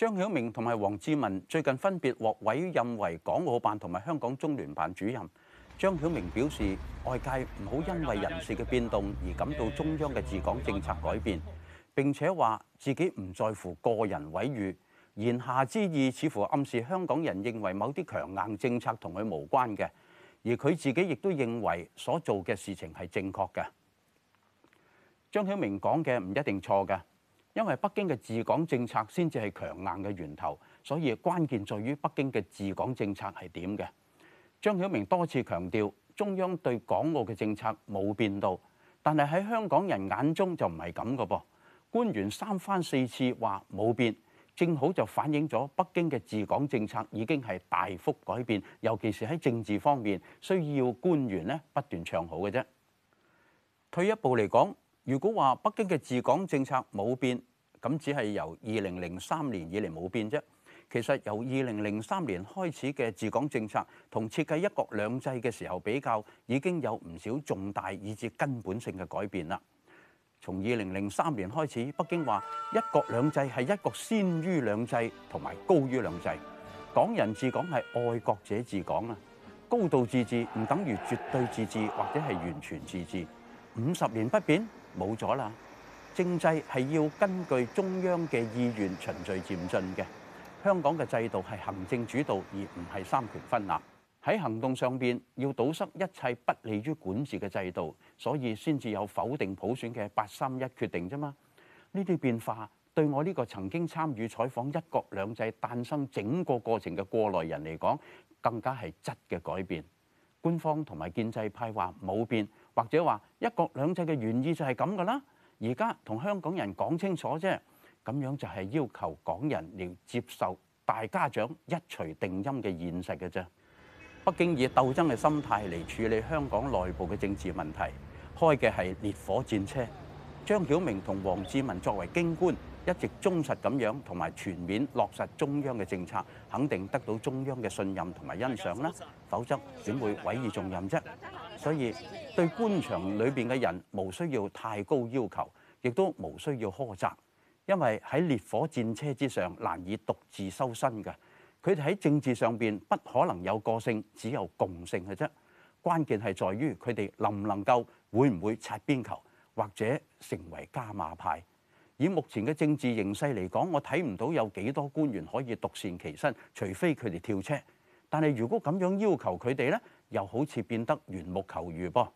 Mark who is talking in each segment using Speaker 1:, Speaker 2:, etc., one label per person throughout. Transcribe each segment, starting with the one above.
Speaker 1: 張曉明同埋王志民最近分別獲委任為港澳辦同埋香港中聯辦主任。張曉明表示，外界唔好因為人事嘅變動而感到中央嘅治港政策改變，並且話自己唔在乎個人毀譽。言下之意，似乎暗示香港人認為某啲強硬政策同佢無關嘅，而佢自己亦都認為所做嘅事情係正確嘅。張曉明講嘅唔一定錯嘅。因為北京嘅治港政策先至係強硬嘅源頭，所以關鍵在於北京嘅治港政策係點嘅。張曉明多次強調，中央對港澳嘅政策冇變到，但係喺香港人眼中就唔係咁嘅噃。官員三番四次話冇變，正好就反映咗北京嘅治港政策已經係大幅改變，尤其是喺政治方面，需要官員咧不斷唱好嘅啫。退一步嚟講。如果話北京嘅治港政策冇變，咁只係由二零零三年以嚟冇變啫。其實由二零零三年開始嘅治港政策同設計一國兩制嘅時候比較，已經有唔少重大以至根本性嘅改變啦。從二零零三年開始，北京話一國兩制係一國先於兩制，同埋高於兩制。港人治港係愛國者治港啊。高度自治唔等於絕對自治或者係完全自治。五十年不變。冇咗啦！政制係要根據中央嘅意願循序漸進嘅。香港嘅制度係行政主導，而唔係三權分立。喺行動上邊要堵塞一切不利於管治嘅制度，所以先至有否定普選嘅八三一決定啫嘛。呢啲變化對我呢個曾經參與採訪一國兩制誕生整個過程嘅過來人嚟講，更加係質嘅改變。官方同埋建制派話冇變。或者話一國兩制嘅原意就係咁噶啦，而家同香港人講清楚啫，咁樣就係要求港人要接受大家長一錘定音嘅現實嘅啫。北京以鬥爭嘅心態嚟處理香港內部嘅政治問題，開嘅係烈火戰車。張曉明同王志民作為京官，一直忠實咁樣同埋全面落實中央嘅政策，肯定得到中央嘅信任同埋欣賞啦。否則點會委以重任啫？所以對官場裏邊嘅人，無需要太高要求，亦都無需要苛責，因為喺烈火戰車之上，難以獨自修身嘅。佢哋喺政治上邊不可能有個性，只有共性嘅啫。關鍵係在於佢哋能唔能夠，會唔會擦邊球，或者成為加碼派。以目前嘅政治形勢嚟講，我睇唔到有幾多官員可以獨善其身，除非佢哋跳車。但係如果咁樣要求佢哋呢？又好似變得緣木求魚噃，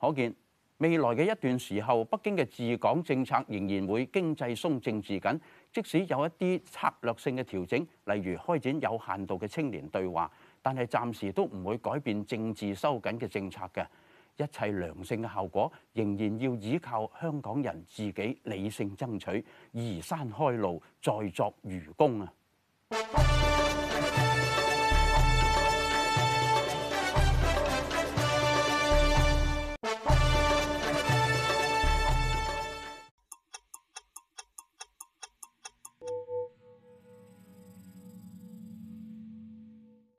Speaker 1: 可見未來嘅一段時候，北京嘅治港政策仍然會經濟鬆、政治緊。即使有一啲策略性嘅調整，例如開展有限度嘅青年對話，但係暫時都唔會改變政治收緊嘅政策嘅。一切良性嘅效果，仍然要依靠香港人自己理性爭取，移山開路，再作愚公啊！